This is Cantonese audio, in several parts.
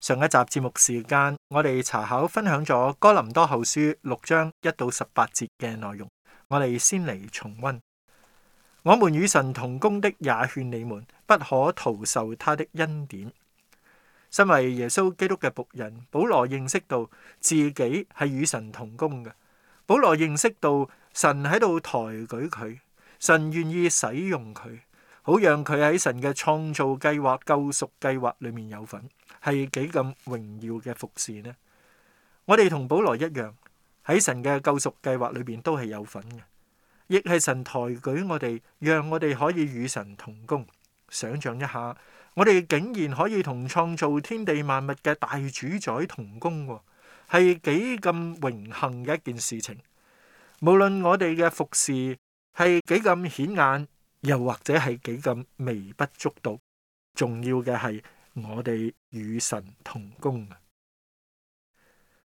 上一集節目時間，我哋查考分享咗《哥林多後書》六章一到十八節嘅內容。我哋先嚟重溫。我們與神同工的，也勸你們不可徒受他的恩典。身為耶穌基督嘅僕人，保羅認識到自己係與神同工嘅。保羅認識到神喺度抬舉佢，神願意使用佢，好讓佢喺神嘅創造計劃、救贖計劃裏面有份。係幾咁榮耀嘅服侍呢？我哋同保羅一樣喺神嘅救贖計劃裏邊都係有份嘅，亦係神抬舉我哋，讓我哋可以與神同工。想象一下，我哋竟然可以同創造天地萬物嘅大主宰同工，係幾咁榮幸嘅一件事情。無論我哋嘅服侍係幾咁顯眼，又或者係幾咁微不足道，重要嘅係，我哋與神同工，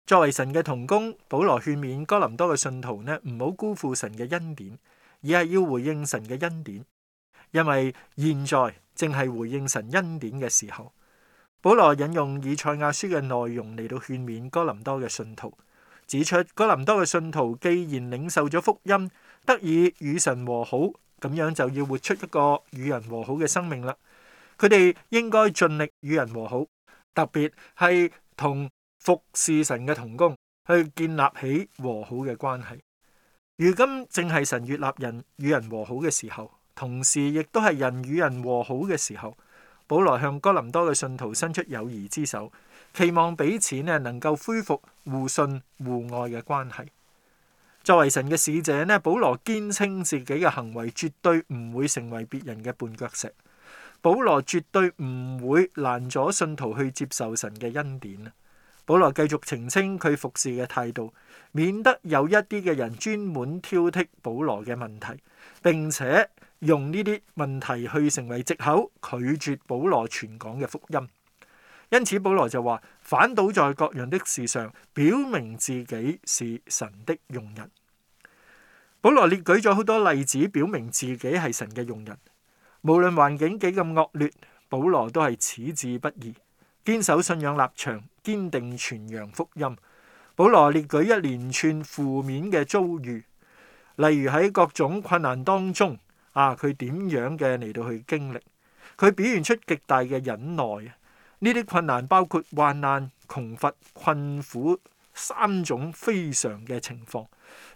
作為神嘅同工，保羅勸勉哥林多嘅信徒呢，唔好辜負神嘅恩典，而係要回應神嘅恩典。因為現在正係回應神恩典嘅時候，保羅引用以賽亞書嘅內容嚟到勸勉哥林多嘅信徒，指出哥林多嘅信徒既然領受咗福音，得以與神和好，咁樣就要活出一個與人和好嘅生命啦。佢哋應該盡力與人和好，特別係同服侍神嘅同工去建立起和好嘅關係。如今正係神悅納人與人和好嘅時候，同時亦都係人與人和好嘅時候。保羅向哥林多嘅信徒伸出友誼之手，期望彼此咧能夠恢復互信互愛嘅關係。作為神嘅使者咧，保羅堅稱自己嘅行為絕對唔會成為別人嘅絆腳石。保羅絕對唔會攔阻信徒去接受神嘅恩典。保羅繼續澄清佢服侍嘅態度，免得有一啲嘅人專門挑剔保羅嘅問題，並且用呢啲問題去成為藉口拒絕保羅傳講嘅福音。因此保羅就話，反倒在各樣的事上表明自己是神的用人。保羅列舉咗好多例子，表明自己係神嘅用人。無論環境幾咁惡劣，保羅都係矢志不移，堅守信仰立場，堅定傳揚福音。保羅列舉一連串負面嘅遭遇，例如喺各種困難當中，啊，佢點樣嘅嚟到去經歷，佢表現出極大嘅忍耐。呢啲困難包括患難、窮乏、困苦。三種非常嘅情況，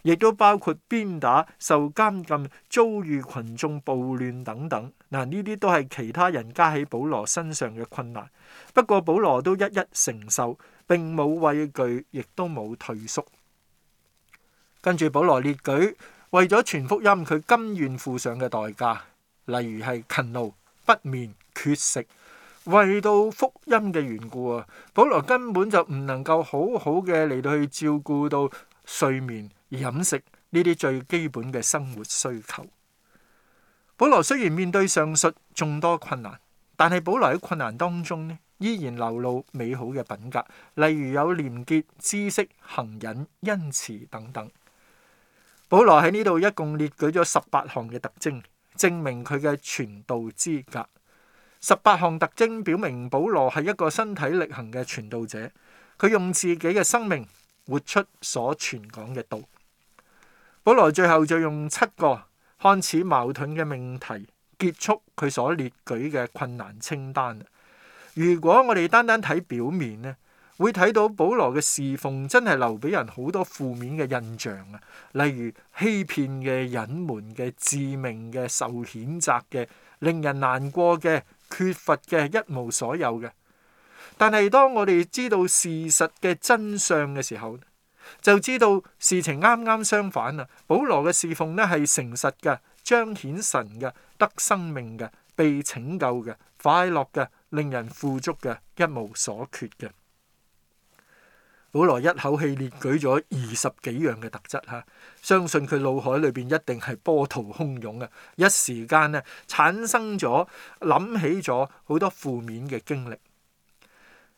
亦都包括鞭打、受監禁、遭遇群眾暴亂等等。嗱，呢啲都係其他人加喺保羅身上嘅困難。不過，保羅都一一承受，並冇畏懼，亦都冇退縮。跟住，保羅列舉為咗傳福音，佢甘願付上嘅代價，例如係勤勞、不眠、缺食。為到福音嘅緣故啊，保羅根本就唔能夠好好嘅嚟到去照顧到睡眠、飲食呢啲最基本嘅生活需求。保羅雖然面對上述眾多困難，但係保羅喺困難當中呢，依然流露美好嘅品格，例如有廉潔、知識、恆忍、恩慈等等。保羅喺呢度一共列舉咗十八項嘅特徵，證明佢嘅傳道資格。十八項特徵表明保羅係一個身體力行嘅傳道者，佢用自己嘅生命活出所傳講嘅道。保羅最後就用七個看似矛盾嘅命題結束佢所列舉嘅困難清單。如果我哋單單睇表面咧，會睇到保羅嘅侍奉真係留俾人好多負面嘅印象啊，例如欺騙嘅、隱瞞嘅、致命嘅、受譴責嘅、令人難過嘅。缺乏嘅一無所有嘅，但係當我哋知道事實嘅真相嘅時候，就知道事情啱啱相反啊！保羅嘅侍奉呢係誠實嘅，彰顯神嘅，得生命嘅，被拯救嘅，快樂嘅，令人富足嘅，一無所缺嘅。保羅一口氣列舉咗二十幾樣嘅特質嚇，相信佢腦海裏邊一定係波濤洶湧啊！一時間咧產生咗，諗起咗好多負面嘅經歷。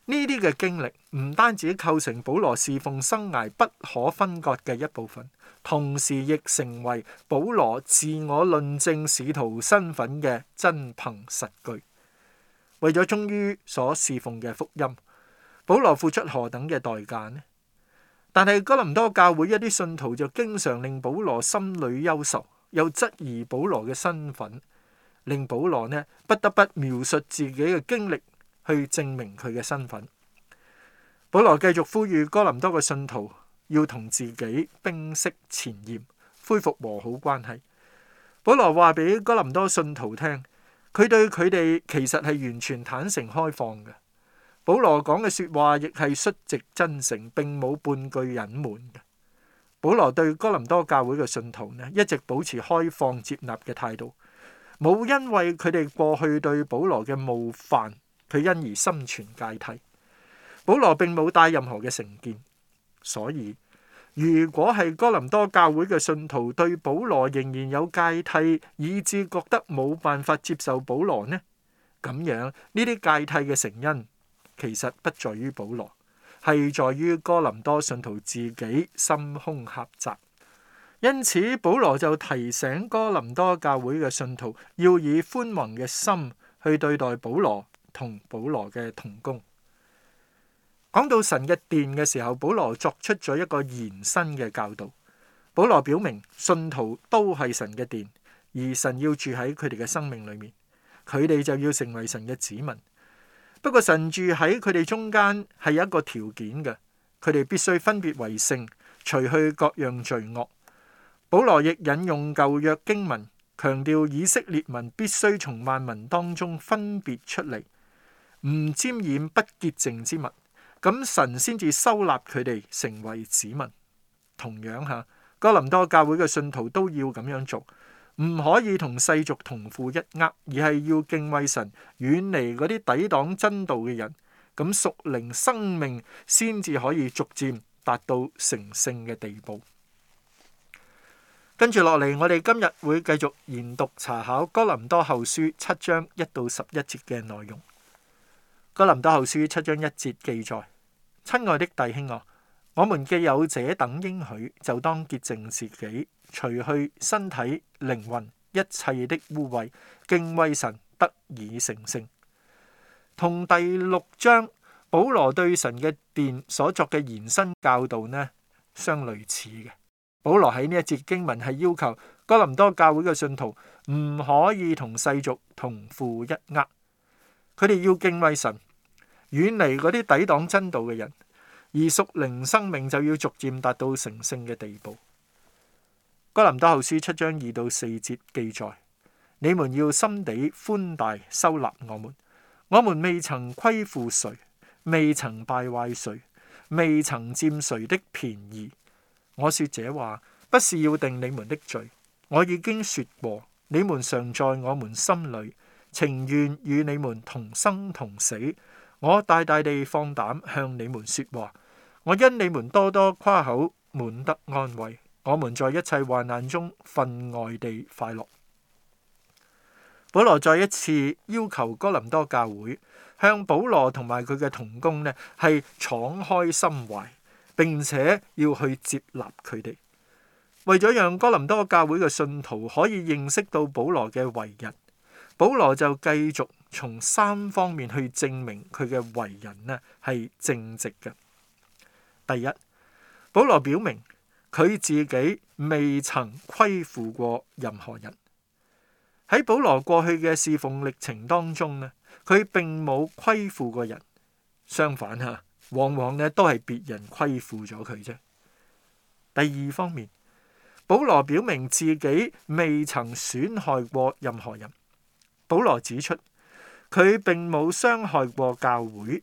呢啲嘅經歷唔單止構成保羅侍奉生涯不可分割嘅一部分，同時亦成為保羅自我論證使徒身份嘅真憑實據。為咗忠於所侍奉嘅福音。保羅付出何等嘅代價呢？但係哥林多教會一啲信徒就經常令保羅心裏憂愁，又質疑保羅嘅身份，令保羅呢不得不描述自己嘅經歷去證明佢嘅身份。保羅繼續呼籲哥林多嘅信徒要同自己冰釋前嫌，恢復和好關係。保羅話俾哥林多信徒聽，佢對佢哋其實係完全坦誠開放嘅。保羅講嘅説話亦係率直真誠，並冇半句隱瞞嘅。保羅對哥林多教會嘅信徒咧，一直保持開放接納嘅態度，冇因為佢哋過去對保羅嘅冒犯，佢因而心存芥蒂。保羅並冇帶任何嘅成見，所以如果係哥林多教會嘅信徒對保羅仍然有芥蒂，以致覺得冇辦法接受保羅呢，咁樣呢啲芥蒂嘅成因，其實不在於保羅，係在於哥林多信徒自己心胸狹窄。因此，保羅就提醒哥林多教會嘅信徒，要以寬宏嘅心去對待保羅同保羅嘅同工。講到神嘅殿嘅時候，保羅作出咗一個延伸嘅教導。保羅表明，信徒都係神嘅殿，而神要住喺佢哋嘅生命裏面，佢哋就要成為神嘅子民。不過神住喺佢哋中間係有一個條件嘅，佢哋必須分別為聖，除去各樣罪惡。保羅亦引用舊約經文，強調以色列民必須從萬民當中分別出嚟，唔沾染不潔淨之物，咁神先至收納佢哋成為子民。同樣吓，哥林多教會嘅信徒都要咁樣做。唔可以同世俗同負一軛，而係要敬畏神，遠離嗰啲抵擋真道嘅人。咁屬靈生命先至可以逐漸達到成聖嘅地步。跟住落嚟，我哋今日會繼續研讀查考哥林多後書七章一到十一節嘅內容。哥林多後書七章一節記載，親愛的弟兄啊！我們既有這等應許，就當潔淨自己，除去身體、靈魂一切的污穢，敬畏神，得以成聖。同第六章保羅對神嘅殿所作嘅延伸教導呢，相類似嘅。保羅喺呢一節經文係要求哥林多教會嘅信徒唔可以同世俗同負一軛，佢哋要敬畏神，遠離嗰啲抵擋真道嘅人。而屬靈生命就要逐漸達到成聖嘅地步。哥林多後書七章二到四節記載：你們要心地寬大，收納我們。我們未曾虧負誰，未曾敗壞誰，未曾占誰的便宜。我說這話，不是要定你們的罪。我已經說過，你們常在我們心裏，情願與你們同生同死。我大大地放膽向你們說話。我因你們多多誇口，滿得安慰。我們在一切患難中，分外地快樂。保羅再一次要求哥林多教會向保羅同埋佢嘅同工呢，係敞開心懷，並且要去接納佢哋。為咗讓哥林多教會嘅信徒可以認識到保羅嘅為人，保羅就繼續從三方面去證明佢嘅為人呢係正直嘅。第一，保羅表明佢自己未曾虧負過任何人。喺保羅過去嘅侍奉歷程當中咧，佢並冇虧負過人，相反吓，往往咧都係別人虧負咗佢啫。第二方面，保羅表明自己未曾損害過任何人。保羅指出，佢並冇傷害過教會。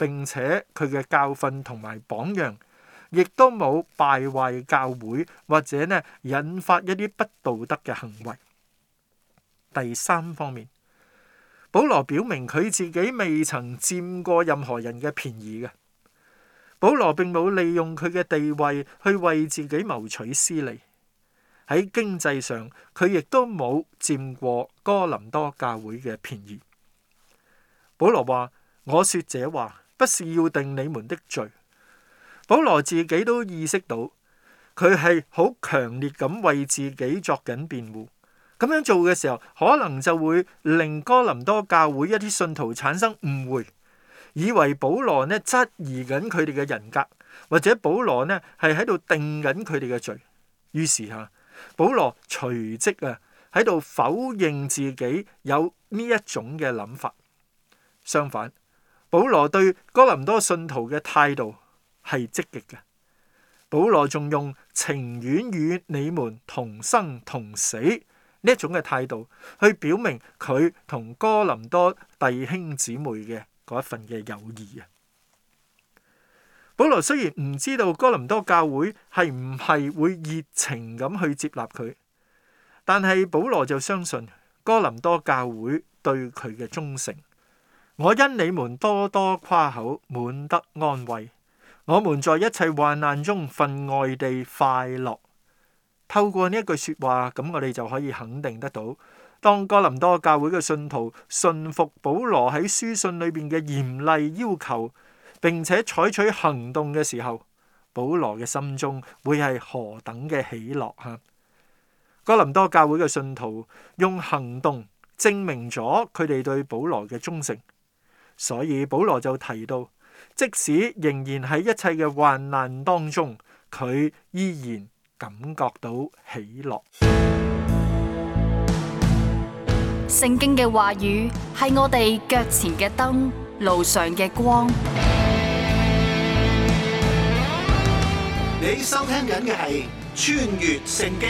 並且佢嘅教訓同埋榜樣，亦都冇敗壞教會或者呢引發一啲不道德嘅行為。第三方面，保羅表明佢自己未曾佔過任何人嘅便宜嘅。保羅並冇利用佢嘅地位去為自己謀取私利。喺經濟上，佢亦都冇佔過哥林多教會嘅便宜。保羅話：我說這話。不是要定你們的罪，保羅自己都意識到，佢係好強烈咁為自己作緊辯護，咁樣做嘅時候，可能就會令哥林多教會一啲信徒產生誤會，以為保羅呢質疑緊佢哋嘅人格，或者保羅呢係喺度定緊佢哋嘅罪。於是嚇，保羅隨即啊喺度否認自己有呢一種嘅諗法。相反。保羅對哥林多信徒嘅態度係積極嘅，保羅仲用情願與你們同生同死呢一種嘅態度，去表明佢同哥林多弟兄姊妹嘅嗰一份嘅友誼啊！保羅雖然唔知道哥林多教會係唔係會熱情咁去接納佢，但係保羅就相信哥林多教會對佢嘅忠誠。我因你們多多誇口，滿得安慰。我們在一切患難中分外地快樂。透過呢一句說話，咁我哋就可以肯定得到：當哥林多教會嘅信徒信服保羅喺書信裏邊嘅嚴厲要求，並且採取行動嘅時候，保羅嘅心中會係何等嘅喜樂啊！哥林多教會嘅信徒用行動證明咗佢哋對保羅嘅忠誠。所以保羅就提到，即使仍然喺一切嘅患難當中，佢依然感覺到喜樂。聖經嘅話語係我哋腳前嘅燈，路上嘅光。你收聽緊嘅係《穿越聖經》。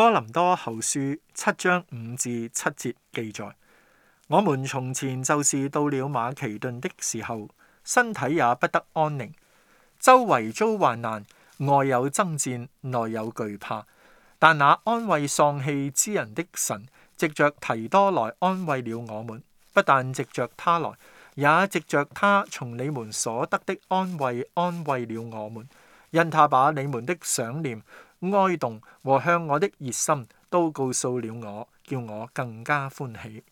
哥林多後書七章五至七節記載：我們從前就是到了馬其頓的時候，身體也不得安寧，周圍遭患難，外有爭戰，內有懼怕。但那安慰喪氣之人的神，藉着提多來安慰了我們；不但藉着他來，也藉着他從你們所得的安慰安慰了我們，因他把你們的想念。哀慟和向我的熱心都告訴了我，叫我更加歡喜。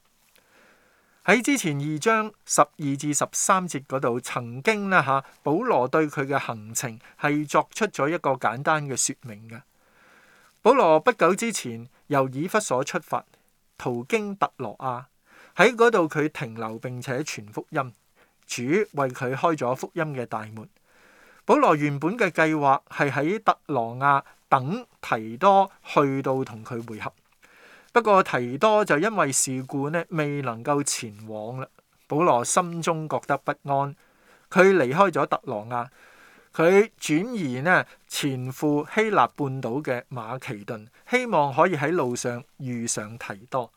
喺之前二章十二至十三節嗰度，曾經咧吓、啊，保羅對佢嘅行程係作出咗一個簡單嘅說明嘅。保羅不久之前由以弗所出發，途經特羅亞，喺嗰度佢停留並且傳福音，主為佢開咗福音嘅大門。保羅原本嘅計劃係喺特羅亞等提多去到同佢會合，不過提多就因為事故呢未能夠前往啦。保羅心中覺得不安，佢離開咗特羅亞，佢轉移呢前赴希臘半島嘅馬其頓，希望可以喺路上遇上提多。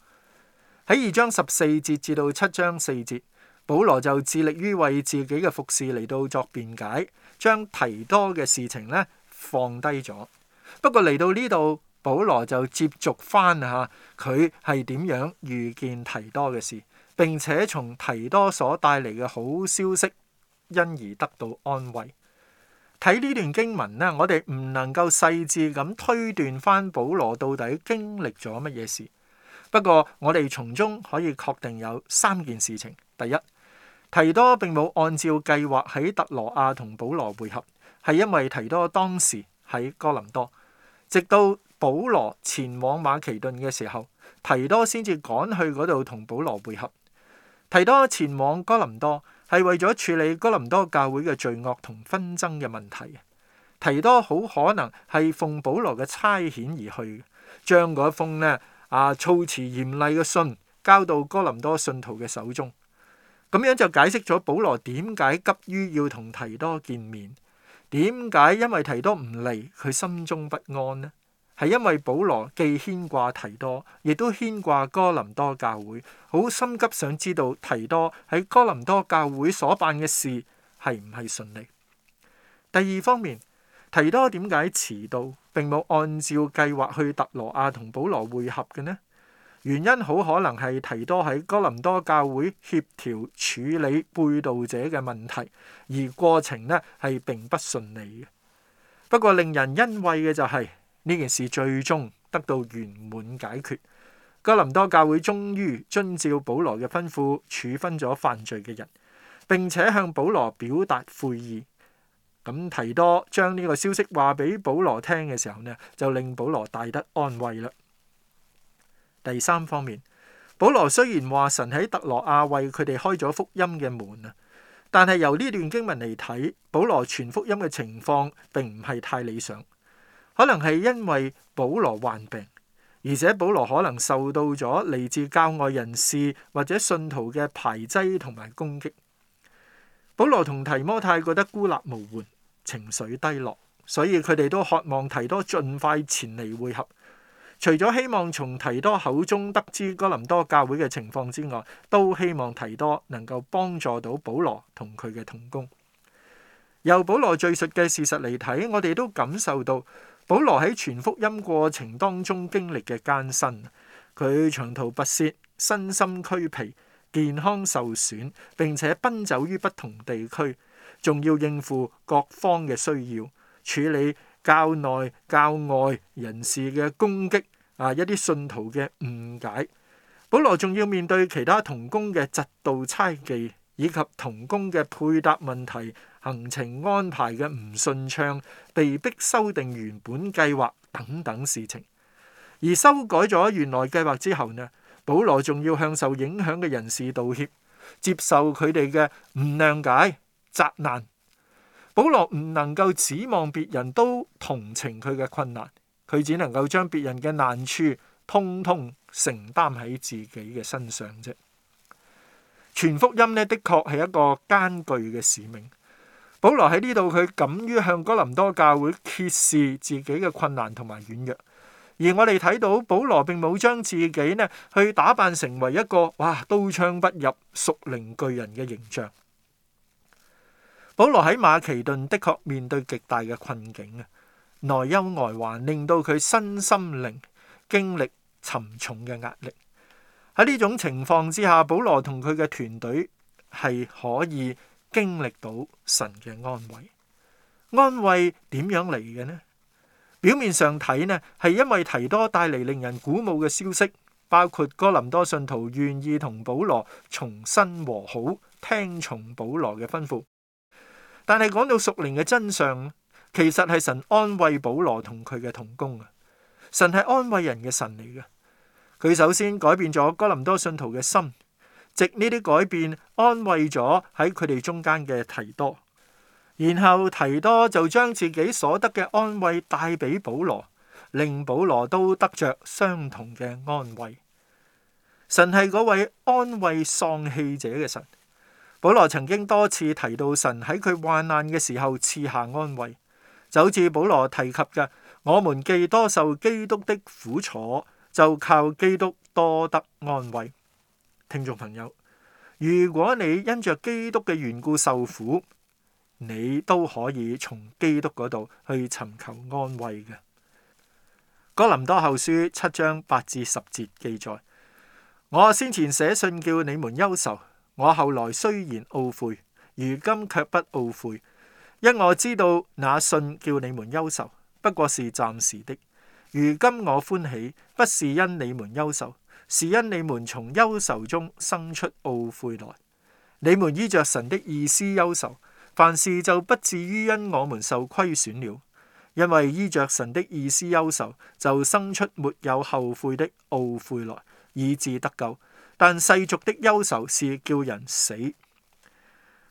喺二章十四節至到七章四節。保羅就致力於為自己嘅服侍嚟到作辯解，將提多嘅事情呢放低咗。不過嚟到呢度，保羅就接觸翻下佢係點樣遇見提多嘅事，並且從提多所帶嚟嘅好消息，因而得到安慰。睇呢段經文呢，我哋唔能夠細緻咁推斷翻保羅到底經歷咗乜嘢事。不過，我哋從中可以確定有三件事情。第一，提多並冇按照計劃喺特羅亞同保羅會合，係因為提多當時喺哥林多。直到保羅前往馬其頓嘅時候，提多先至趕去嗰度同保羅會合。提多前往哥林多係為咗處理哥林多教會嘅罪惡同紛爭嘅問題。提多好可能係奉保羅嘅差遣而去，將嗰封呢。啊！措辭嚴厲嘅信交到哥林多信徒嘅手中，咁樣就解釋咗保羅點解急於要同提多見面，點解，因為提多唔嚟佢心中不安呢？係因為保羅既牽掛提多，亦都牽掛哥林多教會，好心急想知道提多喺哥林多教會所辦嘅事係唔係順利。第二方面。提多點解遲到並冇按照計劃去特羅亞同保羅會合嘅呢？原因好可能係提多喺哥林多教會協調處理背道者嘅問題，而過程呢係並不順利嘅。不過令人欣慰嘅就係，呢件事最終得到圓滿解決，哥林多教會終於遵照保羅嘅吩咐處分咗犯罪嘅人，並且向保羅表達悔意。咁提多將呢個消息話俾保羅聽嘅時候呢，就令保羅大得安慰啦。第三方面，保羅雖然話神喺特羅亞為佢哋開咗福音嘅門啊，但係由呢段經文嚟睇，保羅傳福音嘅情況並唔係太理想，可能係因為保羅患病，而且保羅可能受到咗嚟自教外人士或者信徒嘅排擠同埋攻擊。保羅同提摩太覺得孤立無援、情緒低落，所以佢哋都渴望提多盡快前嚟會合。除咗希望從提多口中得知哥林多教會嘅情況之外，都希望提多能夠幫助到保羅同佢嘅同工。由保羅敘述嘅事實嚟睇，我哋都感受到保羅喺傳福音過程當中經歷嘅艱辛，佢長途跋涉，身心俱疲。健康受損，並且奔走於不同地區，仲要應付各方嘅需要，處理教內教外人士嘅攻擊，啊一啲信徒嘅誤解。保羅仲要面對其他同工嘅嫉妒猜忌，以及同工嘅配搭問題、行程安排嘅唔順暢，被逼修訂原本計劃等等事情。而修改咗原來計劃之後呢？保羅仲要向受影響嘅人士道歉，接受佢哋嘅唔諒解、責難。保羅唔能夠指望別人都同情佢嘅困難，佢只能夠將別人嘅難處通通承擔喺自己嘅身上啫。傳福音呢，的確係一個艱巨嘅使命。保羅喺呢度，佢敢於向哥林多教會揭示自己嘅困難同埋軟弱。而我哋睇到，保羅並冇將自己呢去打扮成為一個哇刀槍不入、屬靈巨人嘅形象。保羅喺馬其頓的確面對極大嘅困境啊，內憂外患令到佢身心靈經歷沉重嘅壓力。喺呢種情況之下，保羅同佢嘅團隊係可以經歷到神嘅安慰。安慰點樣嚟嘅呢？表面上睇呢，係因為提多帶嚟令人鼓舞嘅消息，包括哥林多信徒願意同保羅重新和好，聽從保羅嘅吩咐。但係講到屬靈嘅真相，其實係神安慰保羅同佢嘅同工啊！神係安慰人嘅神嚟嘅，佢首先改變咗哥林多信徒嘅心，藉呢啲改變安慰咗喺佢哋中間嘅提多。然後提多就將自己所得嘅安慰帶俾保羅，令保羅都得着相同嘅安慰。神係嗰位安慰喪氣者嘅神。保羅曾經多次提到神喺佢患難嘅時候賜下安慰。就好似保羅提及嘅，我們既多受基督的苦楚，就靠基督多得安慰。聽眾朋友，如果你因着基督嘅緣故受苦，你都可以從基督嗰度去尋求安慰嘅。《哥林多後書》七章八至十節記載：我先前寫信叫你們憂愁，我後來雖然懊悔，如今卻不懊悔，因我知道那信叫你們憂愁，不過是暫時的。如今我歡喜，不是因你們憂愁，是因你們從憂愁中生出懊悔來。你們依着神的意思憂愁。凡事就不至於因我們受虧損了，因為依着神的意思憂愁，就生出沒有後悔的懊悔來，以致得救。但世俗的憂愁是叫人死。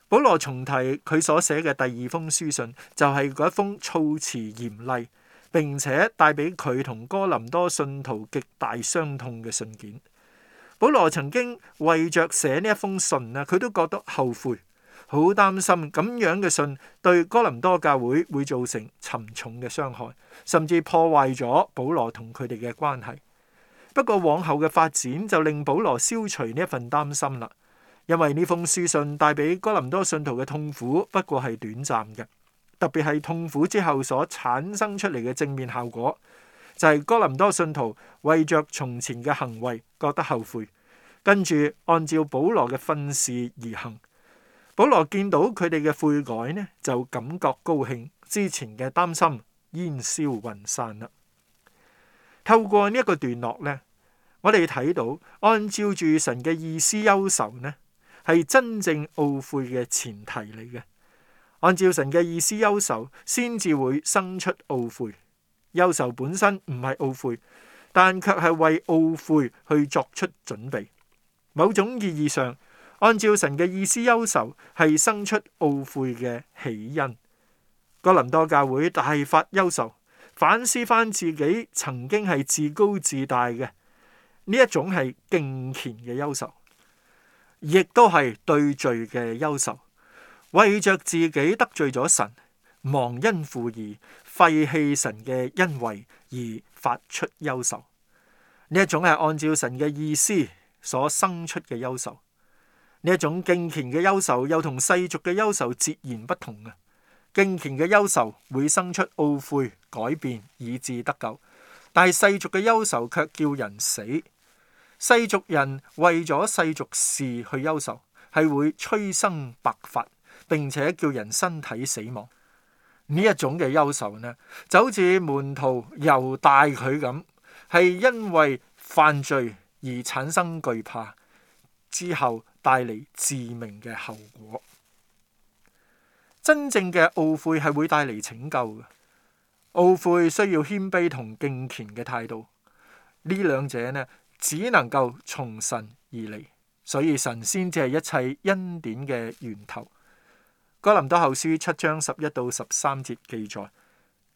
保羅重提佢所寫嘅第二封書信，就係嗰一封措辭嚴厲，並且帶俾佢同哥林多信徒極大傷痛嘅信件。保羅曾經為着寫呢一封信啊，佢都覺得後悔。好擔心咁樣嘅信對哥林多教會會造成沉重嘅傷害，甚至破壞咗保羅同佢哋嘅關係。不過往後嘅發展就令保羅消除呢一份擔心啦，因為呢封書信帶俾哥林多信徒嘅痛苦不過係短暫嘅，特別係痛苦之後所產生出嚟嘅正面效果，就係哥林多信徒為着從前嘅行為覺得後悔，跟住按照保羅嘅訓示而行。保羅見到佢哋嘅悔改呢，就感覺高興，之前嘅擔心煙消雲散啦。透過呢一個段落呢，我哋睇到按照住神嘅意思憂愁呢，係真正懊悔嘅前提嚟嘅。按照神嘅意思憂愁，先至會生出懊悔。憂愁本身唔係懊悔，但卻係為懊悔去作出準備。某種意義上。按照神嘅意思優秀，憂愁係生出懊悔嘅起因。哥林多教會大發憂愁，反思翻自己曾經係自高自大嘅。呢一種係敬虔嘅憂愁，亦都係對罪嘅憂愁，為着自己得罪咗神，忘恩負義，廢棄神嘅恩惠而發出憂愁。呢一種係按照神嘅意思所生出嘅憂愁。呢一種敬虔嘅憂愁，又同世俗嘅憂愁截然不同嘅。敬虔嘅憂愁會生出懊悔、改變，以致得救；但係世俗嘅憂愁卻叫人死。世俗人為咗世俗事去憂愁，係會催生白髮，並且叫人身體死亡。呢一種嘅憂愁呢，就好似門徒猶大佢咁，係因為犯罪而產生懼怕。之後帶嚟致命嘅後果。真正嘅懊悔係會帶嚟拯救嘅懊悔，需要謙卑同敬虔嘅態度。呢兩者呢，只能夠從神而嚟，所以神先至係一切恩典嘅源頭。哥林多後書七章十一到十三節記載：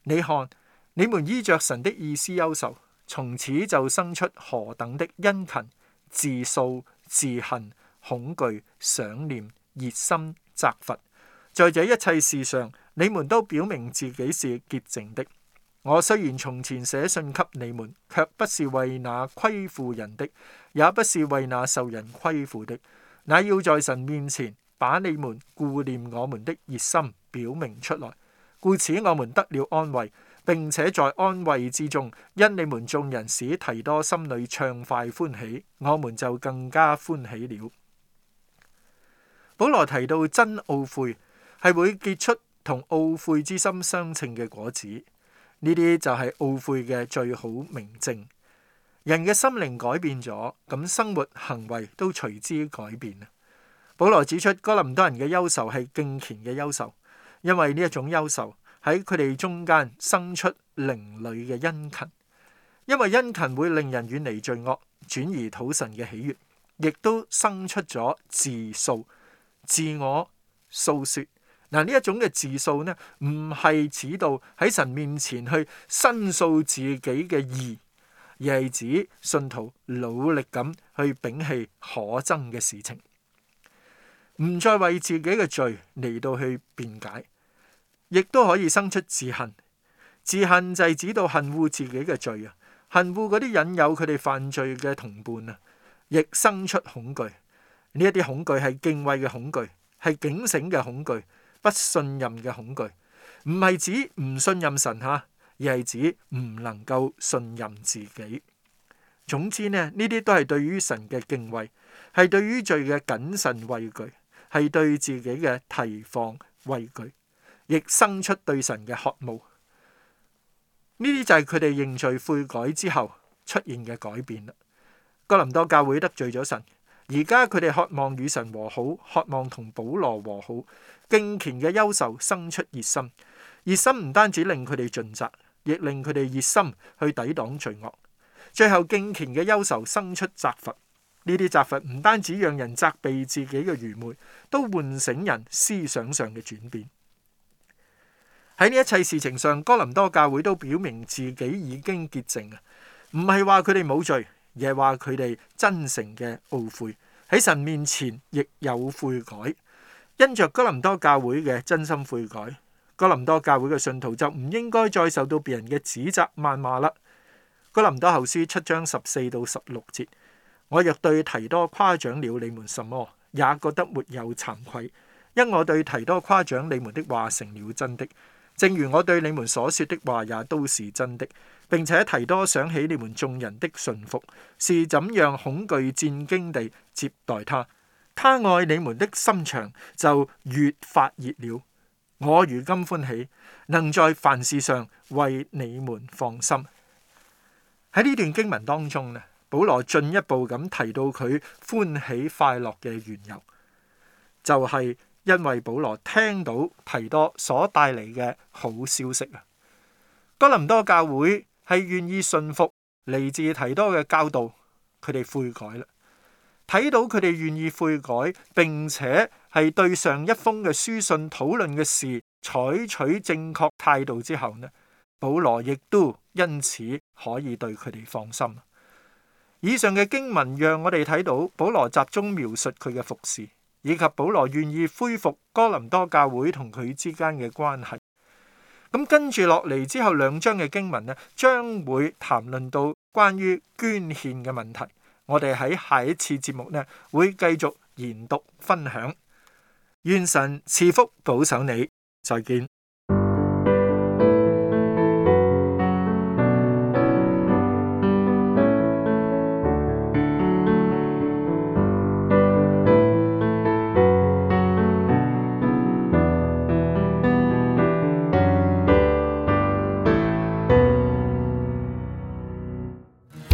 你看你們依着神的意思憂愁，從此就生出何等的殷勤、自訴、自恨、恐懼、想念、熱心、責罰，在這一切事上，你們都表明自己是潔淨的。我雖然從前寫信給你們，却不是為那虧負人的，也不是為那受人虧負的，乃要在神面前把你們顧念我們的熱心表明出來。故此，我們得了安慰。並且在安慰之中，因你們眾人使提多心裏暢快歡喜，我們就更加歡喜了。保羅提到真懊悔係會結出同懊悔之心相稱嘅果子，呢啲就係懊悔嘅最好明證。人嘅心靈改變咗，咁生活行為都隨之改變。保羅指出，哥林多人嘅憂愁係敬虔嘅憂愁，因為呢一種憂愁。喺佢哋中間生出另類嘅殷勤，因為殷勤會令人遠離罪惡，轉移討神嘅喜悅，亦都生出咗自訴、自我訴說。嗱，呢一種嘅自訴呢，唔係指到喺神面前去申訴自己嘅義，而係指信徒努力咁去摒棄可憎嘅事情，唔再為自己嘅罪嚟到去辯解。亦都可以生出自恨，自恨就係指到恨惡自己嘅罪啊，恨惡嗰啲引誘佢哋犯罪嘅同伴啊，亦生出恐懼。呢一啲恐懼係敬畏嘅恐懼，係警醒嘅恐懼，不信任嘅恐懼，唔係指唔信任神吓，而係指唔能夠信任自己。總之呢，呢啲都係對於神嘅敬畏，係對於罪嘅謹慎畏懼，係對，對自己嘅提防畏懼。亦生出對神嘅渴慕，呢啲就係佢哋認罪悔改之後出現嘅改變啦。哥林多教會得罪咗神，而家佢哋渴望與神和好，渴望同保羅和好。敬虔嘅憂愁生出熱心，熱心唔單止令佢哋盡責，亦令佢哋熱心去抵擋罪惡。最後，敬虔嘅憂愁生出責罰，呢啲責罰唔單止讓人責備自己嘅愚昧，都喚醒人思想上嘅轉變。喺呢一切事情上，哥林多教會都表明自己已經潔淨，唔係話佢哋冇罪，而係話佢哋真誠嘅懊悔，喺神面前亦有悔改。因着哥林多教會嘅真心悔改，哥林多教會嘅信徒就唔應該再受到別人嘅指責謾罵啦。哥林多後書七章十四到十六節，我若對提多誇獎了你們什麼，也覺得沒有慚愧，因我對提多誇獎你們的話成了真的。正如我對你們所說的話也都是真的，並且提多想起你們眾人的信服，是怎樣恐懼戰兢地接待他，他愛你們的心腸就越發熱了。我如今歡喜能在凡事上為你們放心。喺呢段經文當中呢，保羅進一步咁提到佢歡喜快樂嘅緣由，就係、是。因為保羅聽到提多所帶嚟嘅好消息啊，哥林多教會係願意信服嚟自提多嘅教導，佢哋悔改啦。睇到佢哋願意悔改並且係對上一封嘅書信討論嘅事採取正確態度之後呢，保羅亦都因此可以對佢哋放心。以上嘅經文讓我哋睇到保羅集中描述佢嘅服侍。以及保羅願意恢復哥林多教會同佢之間嘅關係。咁跟住落嚟之後兩章嘅經文呢，將會談論到關於捐獻嘅問題。我哋喺下一次節目呢，會繼續研讀分享。願神賜福保守你，再見。